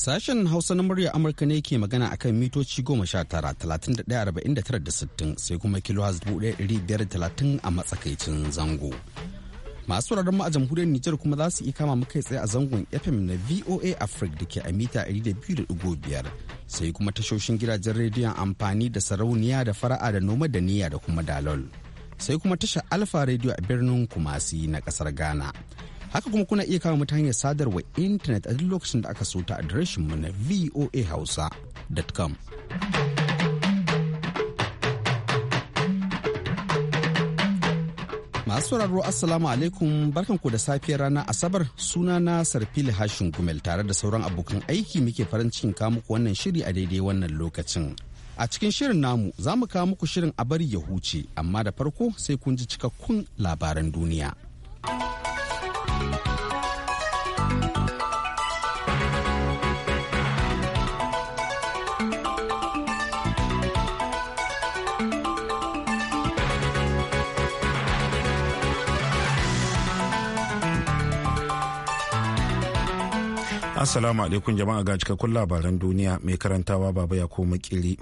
Sashen Hausa na murya Amurka ne ke magana akan mitoci goma sha tara talatin da ɗaya arba'in da tara da sittin sai kuma kilo dubu ɗaya ɗari biyar talatin a matsakaicin zango. Masu wuraren mu a jamhuriyar Nijar kuma za su iya kama mu kai tsaye a zangon FM na VOA Africa da ke a mita ɗari da biyu da ɗigo biyar sai kuma tashoshin gidajen rediyon amfani da sarauniya da fara'a da noma da niyya da kuma dalol. Sai kuma tasha Alfa Radio a birnin Kumasi na ƙasar Ghana. haka kuma kuna iya kawo mata hanyar sadarwa intanet a duk lokacin da aka so ta adireshin mu na voahausa.com masu sauraro assalamu alaikum barkanku da safiyar rana asabar suna na sarfili hashin gumel tare da sauran abokan aiki muke farin cikin kawo muku wannan shiri a daidai wannan lokacin a cikin shirin namu za mu kawo muku shirin a bari ya huce amma da farko sai kun ji cikakkun labaran duniya Assalamu alaikum jama'a ga cikakkun labaran duniya mai karantawa baba ya koma kiri.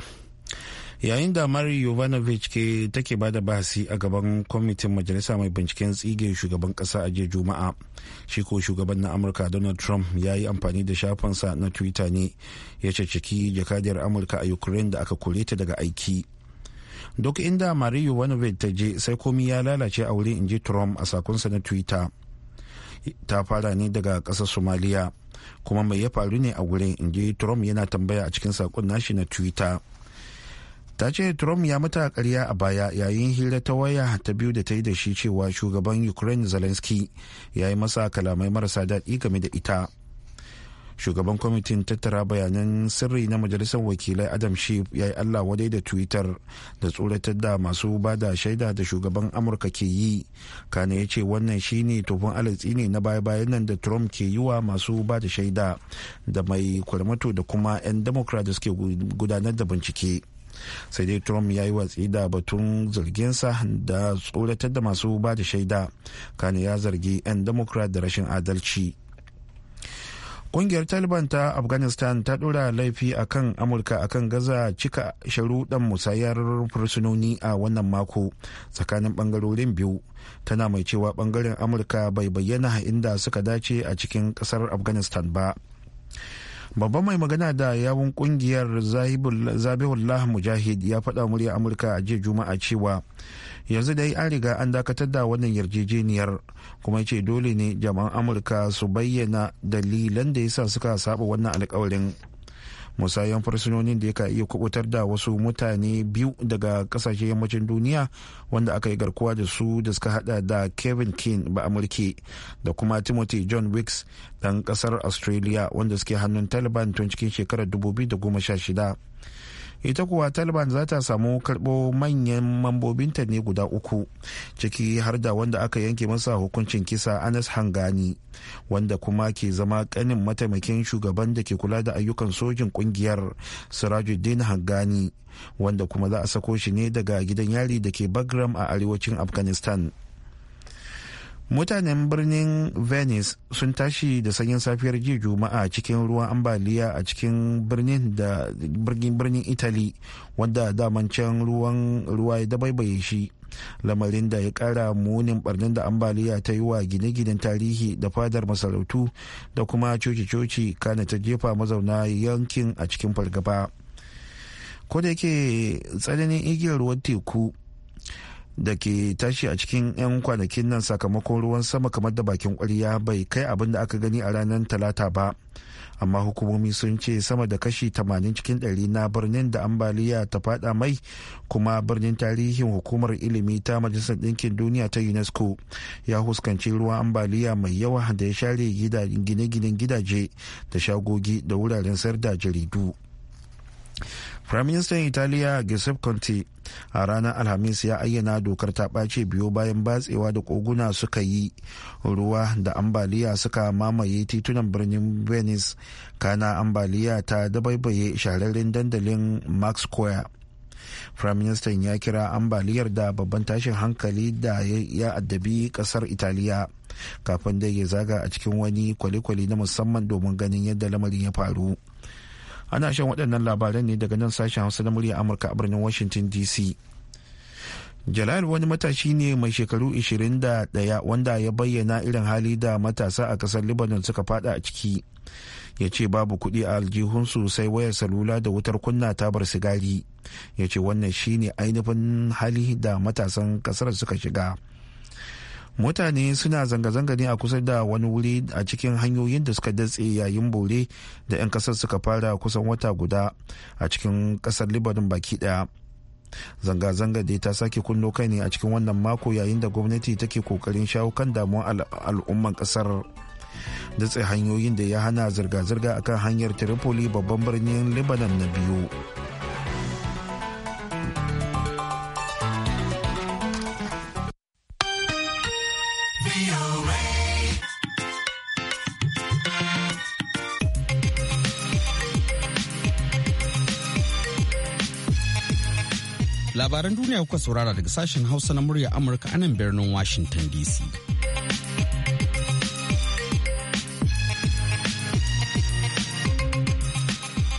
Yayin da Mari Yovanovich ke take ba da bahasi a gaban kwamitin majalisa mai binciken tsige shugaban kasa a jiya Juma'a, shi ko shugaban na Amurka Donald Trump ya yi amfani da shafinsa na Twitter ne ya ciki jakadiyar Amurka a Ukraine da aka kore ta daga aiki. Duk inda Mari Yovanovich ta je sai komi ya lalace a wurin in inji Trump a sakonsa na Twitter. Ta fara ne daga ƙasar Somalia. kuma mai ya faru ne a wurin inji trump yana tambaya a cikin saƙon nashi na twitter ta ce trump ya mata karya a baya yayin hira ta waya ta biyu da ta yi da shi cewa shugaban ukraine zelensky ya yi masa kalamai marasa daɗi game da ita shugaban kwamitin tattara bayanan sirri na majalisar wakilai adam shif ya yi allah wadai da twitter da tsoratar da masu ba shaida da shugaban amurka ke yi kane ya ce wannan shine tofin alatsi ne na baya-bayan nan da trump ke yi wa masu bada shaida da mai kwalmato da kuma 'yan democrat da suke gudanar da bincike sai dai trump ya yi watsi da batun zarginsa da tsoratar da masu bada shaida kane ya zargi 'yan democrat da rashin adalci kungiyar taliban ta afghanistan ta dora laifi a kan amurka akan gaza cika sharuɗan musayar fursunoni a wannan mako tsakanin ɓangarorin biyu tana mai cewa ɓangaren amurka bai bayyana inda suka dace a cikin ƙasar afghanistan ba babban mai magana da yawun kungiyar zabihullah mujahid ya faɗa murya amurka a jiya juma'a cewa yanzu dai an riga an dakatar da wannan yarjejeniyar kuma ce dole ne jama'an amurka su bayyana dalilan da yasa suka saba wannan alkawarin musayan fursunonin da ya ka iya kubutar da wasu mutane biyu daga kasashe yammacin duniya wanda aka yi garkuwa da su da suka hada da kevin king ba amurke da kuma timothy john wicks dan kasar australia wanda suke hannun taliban tun cikin shekarar 2016 ita kuwa taliban za ta samu karbo manyan mambobinta ne guda uku ciki har da wanda aka yanke masa hukuncin kisa anas hangani wanda kuma ke zama kanin mataimakin shugaban da ke kula da ayyukan sojin kungiyar sirajuddin hangani wanda kuma za a sako shi ne daga gidan yari da ke bagram a arewacin afghanistan mutanen birnin venice sun tashi da sanyin safiyar jiya juma'a cikin ruwan ambaliya a cikin birnin da birnin birnin italy wanda daman can ruwan ruwa ya dabaibaye shi lamarin da ya kara munin barnin da ambaliya ta yi wa gine-ginen tarihi da fadar masarautu da kuma coci-coci kana ta jefa mazauna yankin a cikin fargaba ko da yake tsananin igiyar ruwan teku da ke tashi a cikin 'yan kwanakin nan sakamakon ruwan sama kamar da bakin kwarya bai kai abin da aka gani a ranar talata ba amma hukumomi sun ce sama da kashi 80 cikin 100 na birnin da ambaliya ta fada mai kuma birnin tarihin hukumar ilimi ta majalisar ɗinkin duniya ta unesco ya huskanci ruwan ambaliya mai yawa da ya share gine-ginen gidaje da shagogi da wuraren sayar da jaridu Firaministan Italiya Giuseppe Conte a ranar Alhamis ya ayyana dokar ta ɓace biyu bayan batsewa da koguna suka yi ruwa da ambaliya suka mamaye titunan birnin Venice kana ambaliya ta dabaibaye shahararren dandalin Max Square. Firaministan ya kira ambaliyar da babban tashin hankali da ya addabi kasar Italiya kafin da ya zaga a cikin wani kwale na musamman domin ganin yadda lamarin ya faru. ana shan waɗannan labaran ne daga nan sashen hausa na murya amurka a birnin washington dc jalal wani matashi ne mai shekaru 21 wanda ya bayyana irin hali da matasa a kasar libanon suka fada a ciki ya ce babu kuɗi a aljihunsu sai wayar salula da wutar kunna ta bar sigari ya ce wannan shine ainihin hali da matasan ƙasar suka shiga mutane suna zanga-zanga ne a kusa da wani wuri a cikin hanyoyin da suka datse yayin bore da 'yan kasar suka fara kusan wata guda a cikin kasar libanin baki daya zanga-zanga dai ta sake kunno kai ne a cikin wannan mako yayin da gwamnati take kokarin shawo kan damuwar al'umman kasar datse hanyoyin da ya hana zirga-zirga akan hanyar tripoli babban birnin libanon na biyu labaran duniya kuka saurara daga sashen Hausa na murya Amurka a nan birnin Washington DC.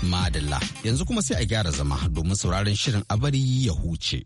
Madalla yanzu kuma sai a gyara zama domin sauraron shirin abari ya huce.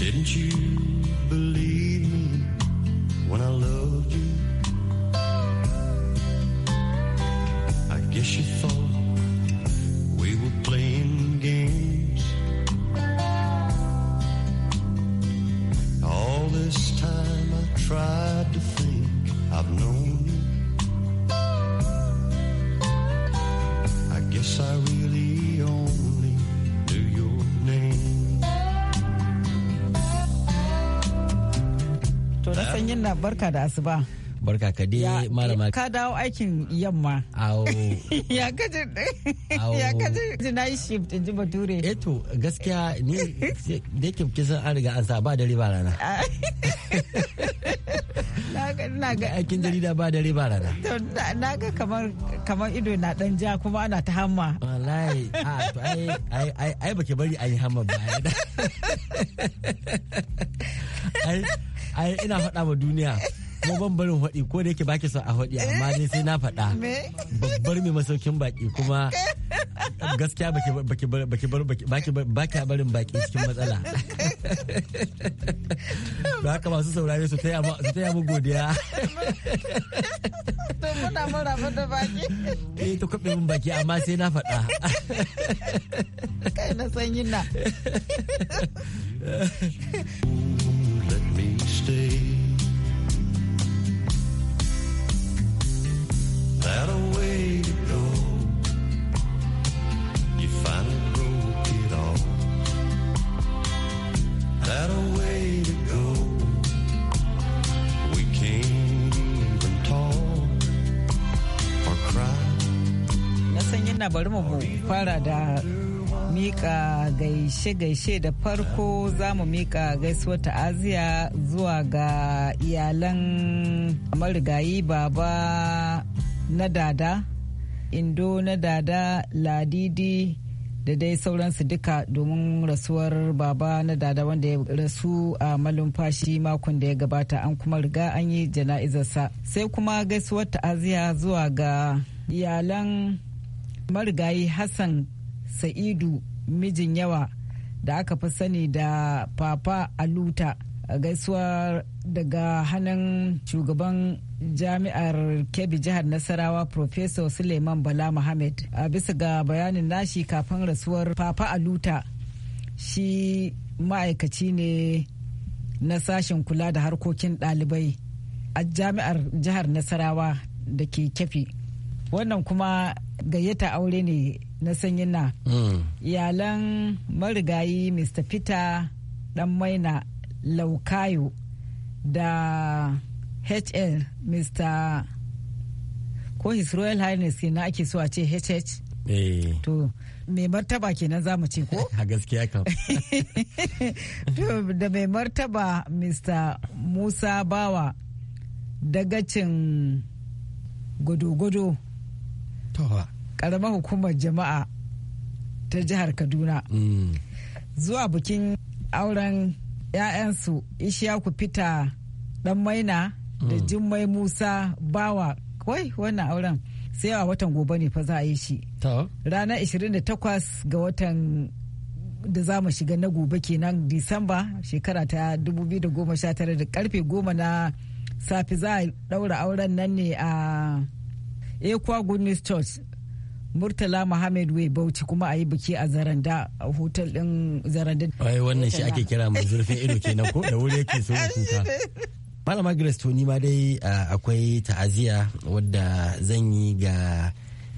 Didn't you believe me when I loved you? I guess you thought. barka da asuba. barka ka dai malama ka dawo aikin yamma awo ya kaji ya kaji na yi shift ji bature eh to gaskiya ni da ke kisan an riga an sa ba dare ba rana ah. na ga aikin jarida ba dare ba rana na ga kamar kamar ido na dan ja kuma ana ta hamma wallahi a to ai ai ai baki bari ayi hamma ba ai ai ina faɗa ma duniya kuma ban barin faɗi ko da yake baki son a faɗi amma dai sai na faɗa babbar mai masaukin baki kuma gaskiya baki baki baki baki baki barin baki cikin matsala ba haka masu saurare su taya yi su taya mu godiya to muna mun da baki eh to kabe mun baki amma sai na faɗa kai na sanyin na stay. That a way to go. You finally broke it all. That a way to go. We can't even talk or cry. Na san yana bari mu fara da mika gaishe-gaishe da farko za mu mika gaisuwar ta'aziya zuwa ga iyalan marigayi baba na dada indo na dada ladidi da dai sauransu duka domin rasuwar baba na dada wanda ya rasu a malumfashi makon da ya gabata an kuma riga an yi jana'izarsa sai kuma gaisuwar aziya zuwa ga iyalan marigayi hassan sa'idu mijin yawa da aka fi sani da papa aluta gaisuwa daga hannun shugaban jami'ar kebbi jihar nasarawa professor suleiman bala muhammad a bisa ga bayanin nashi kafin rasuwar papa aluta shi ma'aikaci ne na sashen kula da harkokin ɗalibai a jami'ar jihar nasarawa da ke kefi wannan kuma gayyata aure ne na sanyi na mm. iyalan marigayi mr peter dan maina laukayo da hl mr ko his royal highness kenan ake so a ce hh eh. to mai martaba kenan za mu ce ko a gaskiya kam to da mai martaba mr musa bawa dagacin gwado karamar hukumar jama'a ta jihar kaduna mm. zuwa bikin auren 'ya'yansu ishaku fita dan maina da mm. jummai musa bawa kawai wannan auren sai a watan gobe ne fa za a yi shi ranar 28 ga watan da za mu shiga na gobe kenan disamba shekara ta 2019 da karfe 10 na safi za a daura auren nan ne a ekwa goodness church Murtala Muhammad Wai Bauchi kuma a yi biki a Zaranda a hotel din Zaranda. Ai wannan shi ake kira mai zurfin ido kenan ko da wuri yake so kuka. Malama Grace to ni ma dai akwai ta'aziya wadda zan yi ga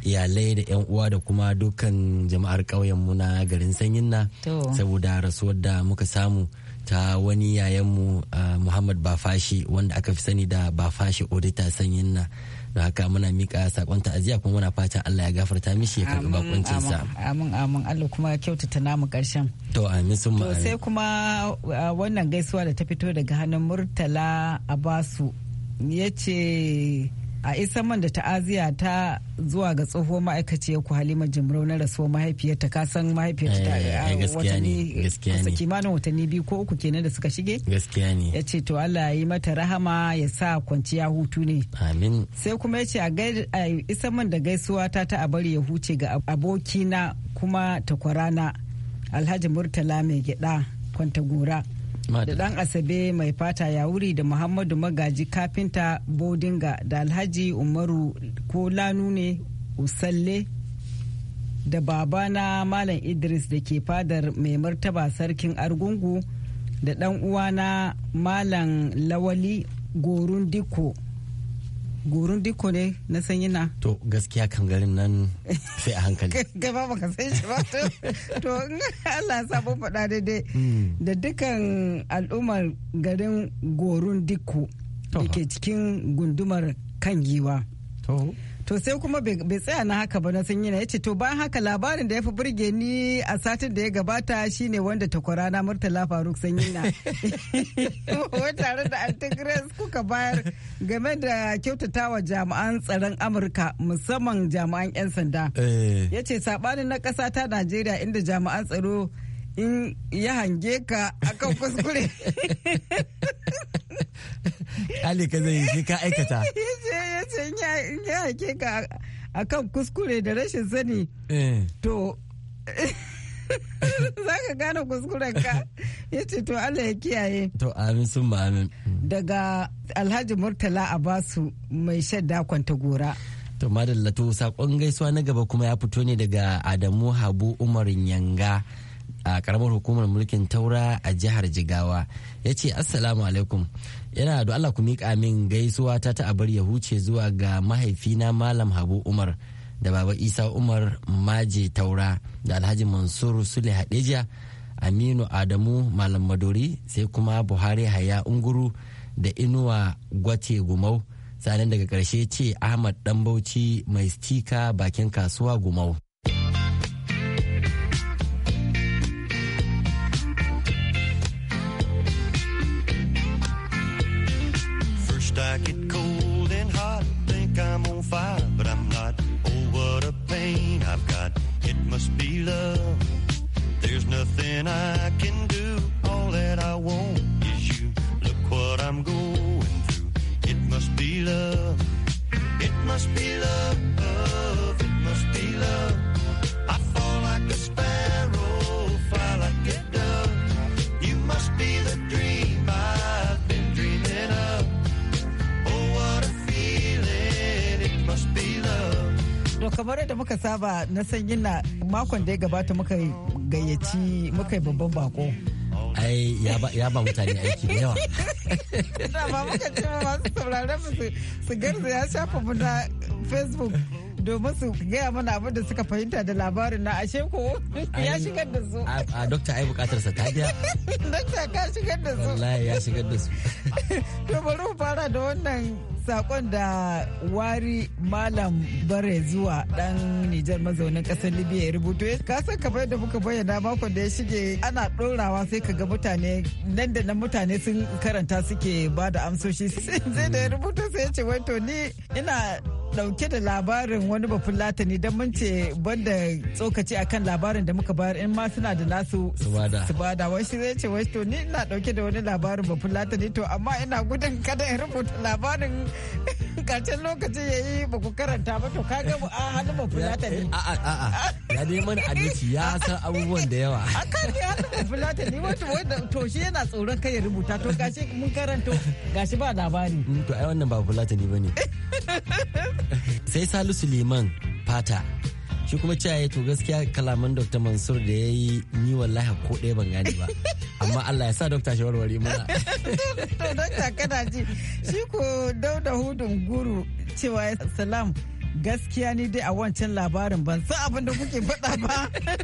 iyalai da 'yan uwa da kuma dukkan jama'ar mu na garin sanyin na saboda rasuwar da muka samu ta wani yayanmu muhammad bafashi wanda aka fi sani da bafashi odita sanyin na don haka muna mika sakon ta'aziyya kuma muna fatan Allah ya gafarta mishi ya karɓi bakuncin sa amin amin Allah kuma kyautata namu karshen to amin sun ma sai kuma wannan gaisuwa da ta fito daga hannun Murtala Abasu yace a isa man da ta'aziya ta zuwa ga tsohuwar ma'aikaciyar ku halima jimrau na rasuwar mahaifiyarta ka san mahaifiyarta ta eh, watanni kusa kimanin watanni biyu ko uku kenan da suka shige ya ce to allah ya yi mata rahama ya sa kwanciya hutu ne sai kuma ya ce a isa man da gaisuwa ta ta a bari ya huce ga abokina kuma takwarana alhaji murtala mai gyada kwanta gora da dan asabe mai fata ya wuri da muhammadu magaji kafinta bodinga da alhaji umaru ko lanu ne usalle da babana malam idris da ke fadar mai martaba sarkin argungu da dan uwana malam lawali gorun diko gurun diko ne na san yana. To gaskiya kan garin nan sai a hankali. Gaba baka san shi ba to in Allah ya sabo faɗa daidai hmm. da dukkan al'ummar garin gorun diko da ke cikin gundumar kan giwa. to sai kuma bai tsaya na haka ba na sun ya yace to bayan haka labarin da ya fi burge ni a satin da ya gabata shine wanda takwara na murtala faruk sanyi na tare da antigres kuka bayar game da kyautatawa jami'an tsaron amurka musamman jami'an 'yan sanda eh. ya ce sabanin na kasa ta najeriya inda jami'an tsaro in ya hange ka akan kuskure kale ka zai shi ka aikata ya ce ya hake ka kan kuskure da rashin sani eh. to za ka gane kuskuren ka ya ce to Allah ya kiyaye to amin sun ma amin daga alhaji murtala abasu mai shadda kwanta gora to madalla to saƙon gaisuwa na gaba kuma ya fito ne daga adamu habu umar yanga a karamar hukumar mulkin taura a jihar jigawa ya ce assalamu alaikum yana da allah ku miƙa min gaisuwa ta ta abar ya huce zuwa ga mahaifina malam habu umar da baba isa umar maje taura da alhaji mansur sule hadeja aminu adamu malam madori sai kuma buhari haya unguru da inuwa gwate gumau sanan daga ƙarshe ce ahmad dambauci mai stika bakin kasuwa gumau kamar yadda muka saba na sanyin na makon da ya gabata muka gayyaci muka yi babban bako ai ya ba mutane aiki da yawa da ba muka ce masu sauraron su su garza ya shafa mu na facebook domin su gaya mana abin da suka fahimta da labarin na ashe ko ya shigar da su a dokta ai bukatar sa ta biya dokta ka shigar da su wallahi ya shigar da su to bari mu fara da wannan sakon da wari malam bare zuwa dan nijar mazaunin kasar libya ya rubuto ka san kamar da muka bayyana mako da ya shige ana ɗorawa sai ka ga mutane nan da nan mutane sun karanta suke ba da amsoshi sai da ya rubuto sai ya ce wai to ni ina dauke da labarin wani bafin latani don mun ce banda tsokaci akan labarin da muka bayar in ma suna da nasu su bada wai zai ce wasu to ni ina dauke da wani labarin bafin latani to amma ina gudun kada in rubuta labarin kacin lokacin ya yi ba ku karanta ba to ka ga a hannun ba fulata ne. Eh, a'a a ya dai mana adalci ya san abubuwan da yawa. A kan ne hannun ba fulata ne wato wanda to shi yana tsoron kai ya rubuta to gashi mun karanto gashi ba labari. Mm, to ai wannan ba fulata ne bane. Sai Salisu Liman fata shi kuma cewa ya to gaskiya kalaman Dr. Mansur da ya yi ni wallahi ko ɗaya ban gane ba. amma Allah ya sa dokta shawarwari mana to dokta kada ji shi ko dauda hudun guru cewa ya salam gaskiya ni dai a wancan labarin ban san abin da kuke faɗa ba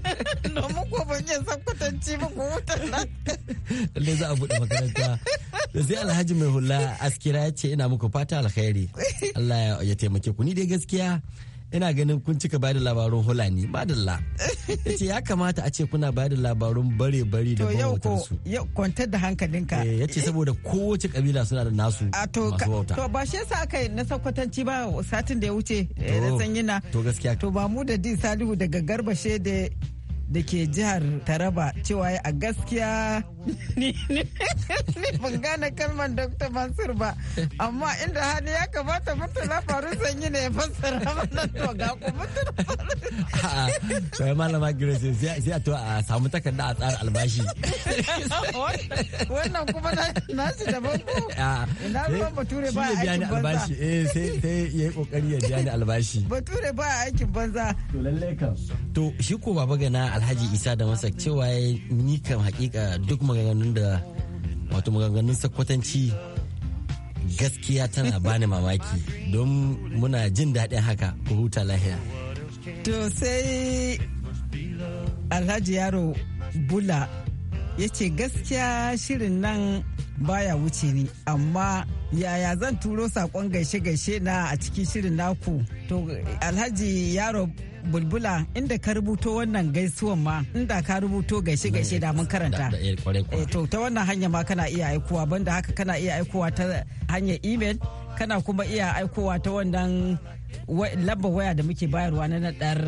domin ko ban yi san kwatanci ba ko wutar nan lalle za a buɗe makaranta da sai alhaji mai hula askira ya ce ina muku fata alkhairi Allah ya taimake ku ni dai gaskiya ina ganin kun cika bayar da labarun hulani madalla ce ya kamata a ce kuna bayar da labarun bare bare da bautarsu to yau kwantar da hankalinka eh, ya ce saboda kowace kabila suna da nasu masu wauta. to ba shi yasa aka yi na sakwatanci ba satin da ya wuce da eh, sanyina to gaskiya to ba mu da di salihu daga garbashe da da ke jihar taraba cewa a gaskiya ni ban gane kalmar dr mansur ba amma inda hali ya kamata na faru sanyi ne ya fassara mana to ga ku murtala sai malama grace sai a to a samu takarda a tsara albashi wannan kuma na shi da banko ina ruwan bature ba aikin banza eh sai sai yi kokari ya biya ni albashi bature ba aikin banza to lalle kam to shi ko baba gana alhaji isa da masa cewa ni kam hakika duk maganganun da wato maganganun sakwatanci gaskiya tana bani mamaki don muna jin daɗin haka ku huta lahiya. To sai Alhaji Yaro Bula ya ce gaskiya shirin nan baya wuce ni amma yaya zan turo sakon gaishe-gaishe na a cikin shirin naku. To Alhaji Yaro bulbula inda ka rubuto wannan gaisuwan ma inda ka rubuto gaishe gaishe da mun karanta eh, eh, to ta wannan hanya ma kana iya aikowa banda haka kana iya aikowa ta hanyar email kana kuma iya aikowa ta wannan lambar waya da muke bayarwa na nadar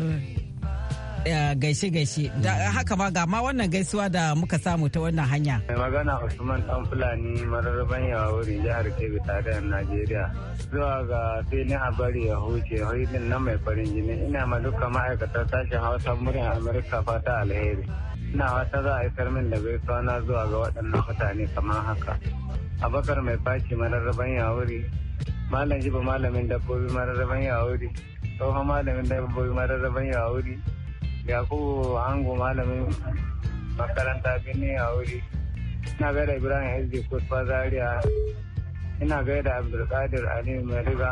gaishe-gaishe eh, haka ma ga ma wannan gaisuwa da muka samu ta wannan hanya. Mai magana Usman Dan Fulani mararraban yawa wuri jihar Kebbi tarayyar Najeriya. Zuwa ga filin a bari ya huce hoidin na mai farin jini ina ma duka ma'aikatar sashen Hausa murya Amurka fata alheri. Ina wata za a yi min da gaisuwa na zuwa ga waɗannan mutane kamar haka. Abakar mai faci mararraban wuri. Malam Jibo malamin dabbobi mararraban wuri. tsohon malamin dabbobi mararraban yawuri, yakubu hango malamin makaranta bini a wuri ina gaida ibrahim hezdi kusfa zaria ina gaida abdulkadir Ali mariba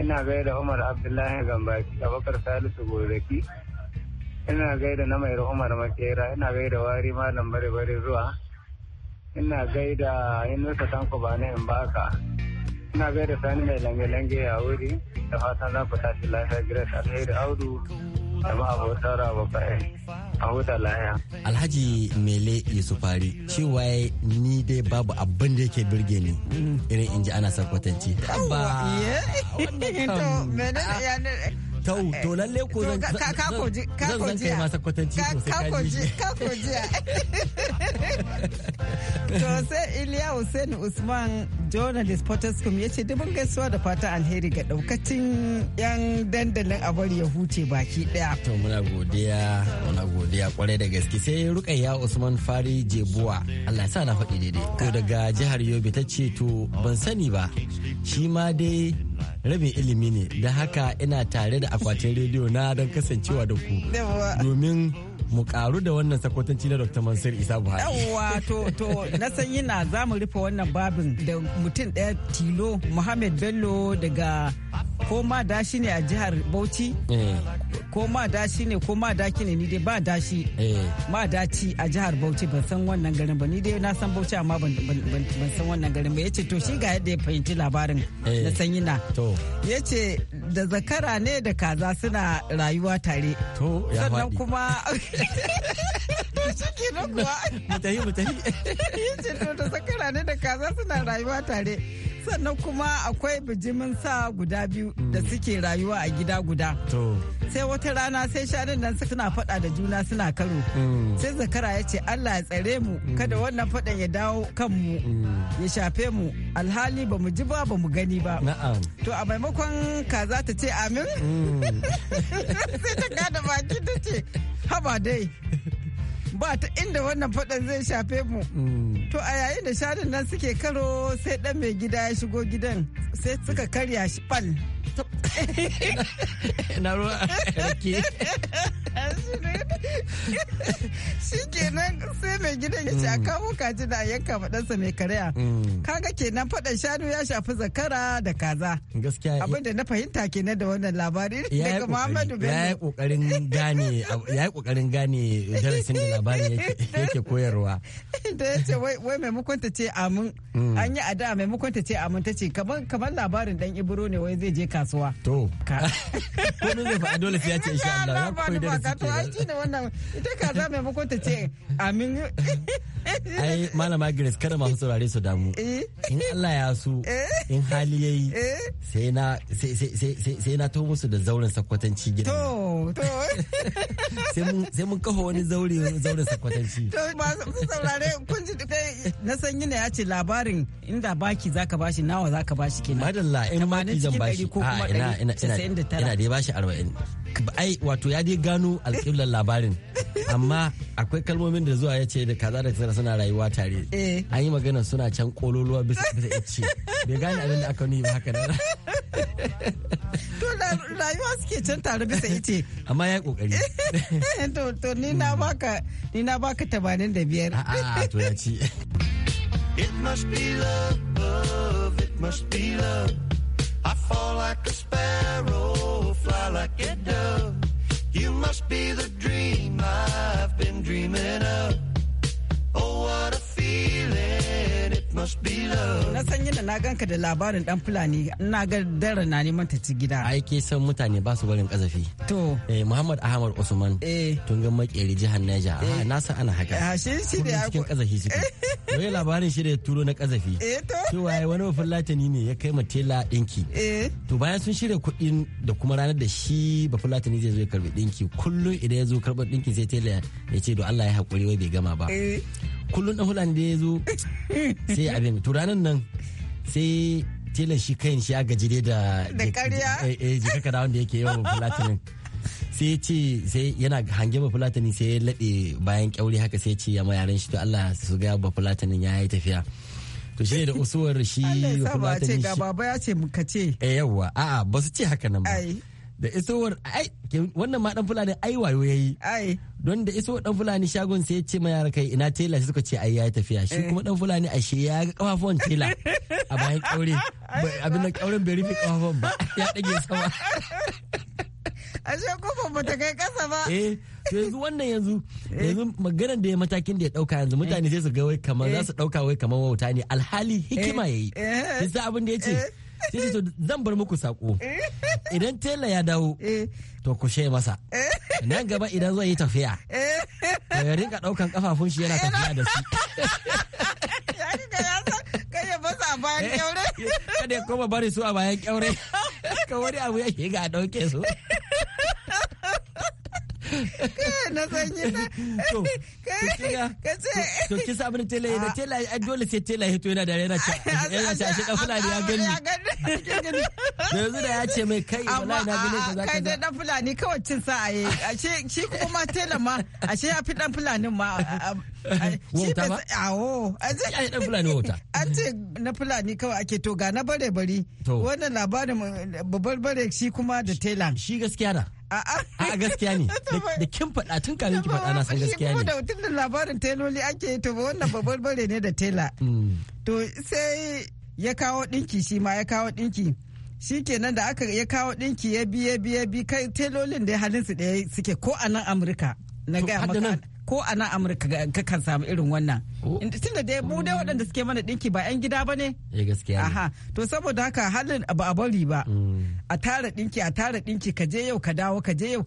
ina gaida umar abdullahi gambaki bakar salisu gozaki ina gaida na mai umar makera ina gaida wari malam bare bare zuwa ina gaida yunusa tanko ba na baka ina gaida sani mai lange-lange a wuri da fatan za ku tashi lafiya grace alheri audu jama'a ba tsara ba fa'i a huta laya. Alhaji Mele Yusufari cewa ni dai babu abin da yake birge ni irin in ji ana sakwatanci. Abba. tau eh, to lalle ko zan ka ka ko ji ka ko ji kai masa kwatanci to sai ka ji ka ko ji to sai Iliya Hussein Usman journalist Potoskum yace dubin gaisuwa da fata alheri ga daukacin yan dandalin a bari ya huce baki daya to muna godiya muna godiya kwarai da gaske sai Rukayya Usman Fari Jebuwa Allah sa na faɗi daidai to daga jihar Yobe ta ce to ban sani ba shi ma dai rabin ilimi ne da haka ina tare da akwatin rediyo na don kasancewa da ku domin mu karu da wannan sakotanci na Dr. Mansur Isa Buhari. Yawwa to to na san yana za mu rufe wannan babin da mutum ɗaya tilo Muhammad Bello daga ko ma dashi ne a jihar Bauchi. Eh. Ko ma dashi ne ko ma daki ne ni dai ba dashi. Ma eh. daci a jihar Bauchi ban san wannan garin ba ni dai na san Bauchi amma ban san wannan garin ba yace to shi ga yadda ya fahimci labarin eh. na sanyi na. Yace da zakara ne da kaza suna rayuwa tare. To ya Sannan kuma na kaza suna rayuwa tare sannan kuma akwai bijimin sa guda biyu da mm. suke rayuwa a gida guda sai wata rana sai shanun nan suna fada da juna suna karo mm. sai zakara ya ce allah ya tsare mu mm. kada wannan fadan ya dawo kanmu ya shafe mu alhali ba mu ji ba ba mu gani ba to a maimakon kaza ta ce amin sai ta gada baki ta ce haba dai ba ta inda wannan faɗan zai shafe mu mm. to a yayin da shadin nan suke karo sai dan mai gida ya shigo gidan sai suka karya shi bal na ruwa ke. shi kenan sai mai gidan ya ce a mm. kawo kaji da yanka faɗansa mai karya mm. kaga kenan faɗan shanu ya shafi zakara da kaza eh. abinda na fahimta kenan da wannan labari daga muhammadu bello ya yi ƙoƙarin gane darasin da labari yake koyarwa da ya ce wai maimakon ta ce amin hmm. an yi ada maimakon ta ce amin ta ce kamar labarin dan ibro ne wai zai je kasuwa to ka komai zai faɗa dole sai ce insha Allah ya koyi da su ke. ai ne wannan ita kaza maimakon ta ce amin ai malama Grace kada masu saurare su damu eh? in Allah ya so eh? in hali ya eh? sai na sai na to musu da zauren sakwatanci gida to to sai mun kafa wani zaure daurin sakwatanci. To su saurare kun ji kai na san yana ya ce labarin inda baki zaka bashi nawa zaka bashi kenan. Madalla in baki zan bashi a ina ina ina ina da bashi 40. Ai wato ya dai gano alƙiblar labarin amma akwai kalmomin da zuwa ya ce da kaza da kaza suna rayuwa tare. Eh. An yi magana suna can kololuwa bisa bisa ce. Bai gane abin da aka nuna haka da. to rayuwa suke can tare bisa amma ya kokari to to ni na hmm. baka ni na baka 85 to ya ci It must be love, it must be love. I fall like a sparrow, fly like a dove. You must be the dream I've been dreaming of. must be love. Na san yadda na ganka da labarin dan Fulani na ga dare na neman ta ci gida. Ai ke san mutane ba su barin kazafi. To. Eh Muhammad Ahmad Usman. Eh. Tun ga makeri jihar Niger. Ah na san ana haka. Ah shi shi da cikin kazafi shi. Wai labarin shi da turo na kazafi. Eh to. To wai wani bafulatani ne ya kai ma tela dinki. Eh. To bayan sun shirya kuɗin da kuma ranar da shi bafulatani zai zo ya karbi dinki kullum idan ya zo karɓar dinki sai tela ya ce do Allah ya haƙuri wai bai gama ba. Eh. kullum dan hulani da ya zo sai abin to ranan nan sai telan shi kayan shi a gaji da da ƙarya eh, eh jikaka da wanda yake yawan platinum sai ya ce sai yana hange ba fulatani sai ya laɗe bayan ƙyaure haka sai ya ce ya ma yaran shi to Allah su ga ba fulatanin ya yi tafiya to shi ne da usuwar shi ba fulatani shi Allah ya ce ga baba ya ce muka ce eh yawa a'a ba su ce haka nan ba da isowar ai wannan ma dan fulani ai wayo yayi ai don da isowar dan fulani shagon sai ya ce ma yara kai ina tela shi suka ce ai yayi tafiya shi eh. kuma dan fulani ashe ya ga kafafuwan tela a bayan kaure abin da kauren bai rufe kafafuwan ba ya dage sama ashe kofar ba ta kai kasa ba eh, to yanzu wannan yanzu eh. yanzu maganar da ya matakin da ya dauka yanzu mutane sai su ga wai kamar za su dauka wai kamar wauta ne alhali hikima yayi yasa abin da ya ce sai ce zan bar muku sako idan tela ya dawo to ku she masa nan gaba idan zai yi tafiya to ya rinka daukan kafafun shi yana tafiya da su kada ya koma bari su a bayan kyaure ka wani abu ya shiga a ɗauke su na sanyi na kai na gani fulani kawai cin sa ashe shi kuma tela ma ashe ya fi dan ma ce bare bari wannan labarin eh, babar bare shi kuma da tela shi gaskiya na a gaskiya ne da kin faɗa tun kafin ki faɗa na san gaskiya ne da tun da labarin teloli ake to ba wannan babbar bare ne da tela mm. to sai ya kawo ɗinki shi ma ya kawo ɗinki shi kenan da aka ya kawo ɗinki ya bi ya bi ya bi kai telolin da halin su ɗaya suke ko a nan amurka na gaya maka ko a nan amurka ka kan samu irin wannan oh. tunda dai mu dai waɗanda suke mana ɗinki ba 'yan gida ba eh, ne aha to saboda haka halin ba a bari ba mm. a tara ɗinki a tara ɗinki ka je yau ka dawo ka je yau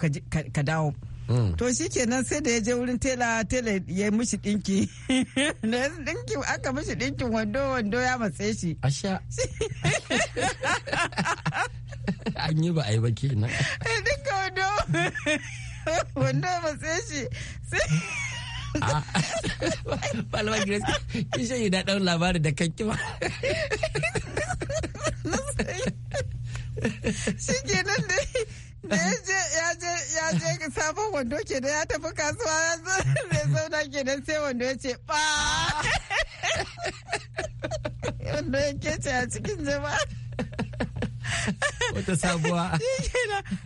ka dawo mm. to shi kenan sai da ya je wurin tela tela ya yi mishi ɗinki da ya ɗinki aka mishi ɗinkin wando wando ya matse shi asha an yi ba a yi ba kenan ɗinka wando wanda ba sai shi ah. Malama Grace, kin shan yi daɗin labarin da kan kima. Shi ke nan da ya je sabon wando ke da ya tafi kasuwa ya zai zauna ke nan sai wando ya ce ba. Wando ya kece a cikin jama'a. wata sabuwa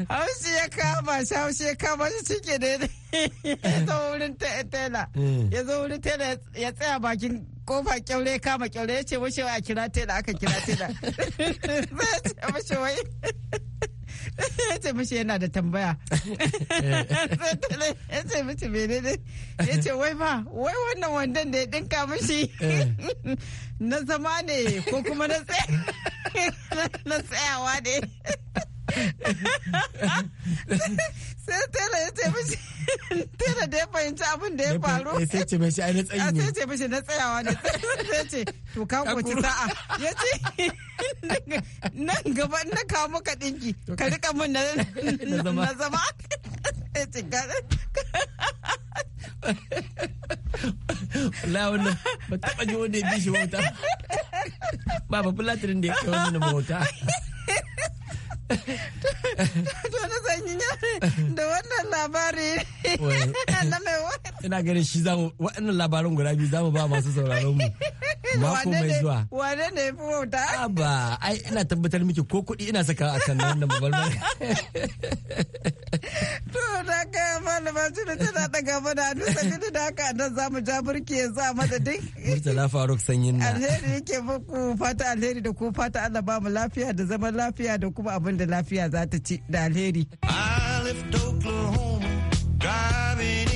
hausa ya kama shi hausa ya kama shi cike da ya zo wurin tela hmm. ya zo wurin tela ya tsaya bakin kofa kyaure kama kyaure ya ce mashi a kira tela aka kira tela zai ce mashi wai ya ce mishi yana da tambaya ya ce menene ya ce wai ma wai wannan wandon da ya dinka mishi na zama ne ko kuma na tsayawa ne sai tela ya ce mishi tela da ya fahimci abin da ya faru eh, sai ce mishi ai na tsayi ne sai ce mishi na tsayawa ne sai ce to ka kwaci sa'a ya ce nan gaba na kawo maka dinki ka rika min na zama ya ce la wannan ba taɓa ji wanda ya bi shi wauta ba ba fulatirin da ya kai wani bauta Dole sanyi da wannan labari na mai Ina ganin shi za mu waɗannan labarin guda biyu za mu ba masu sauraron mu. Mako mai zuwa. Wane ne fi wauta? Aba, ai ina tabbatar miki ko kuɗi ina saka a kan wannan da babbar malama jini tana daga mana hannu sabili da haka nan za mu ja burki yanzu a madadin. Murtala Faruk sanyin na. Alheri yake muku fata alheri da ku fata Allah ba mu lafiya da zaman lafiya da kuma abin da lafiya za ta ci da alheri. I left Oklahoma driving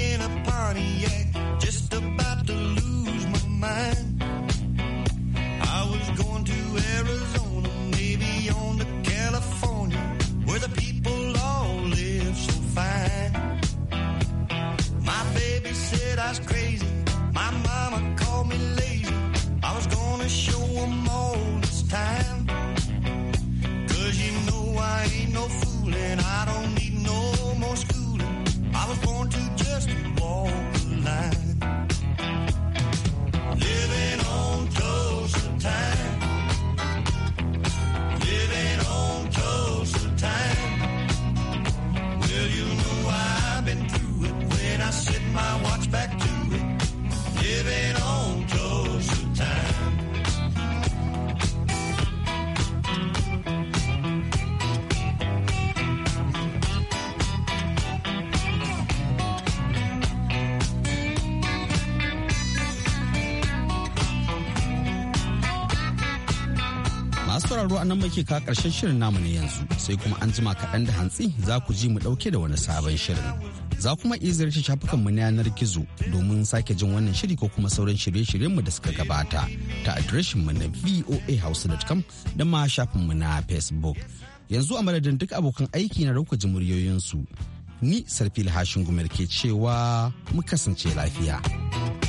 nan muke ka karshen shirin namu ne yanzu sai kuma an jima kaɗan da hantsi za ku ji mu ɗauke da wani sabon shirin. Za kuma iya ziyarci mu na yanar gizo domin sake jin wannan shiri ko kuma sauran shirye mu da suka gabata ta adireshinmu na voahouse.com da ma mu na Facebook. Yanzu a madadin duk abokan aiki na rauka ji muryoyinsu. Ni Sarfil Hashin Gumar ke cewa mu kasance lafiya.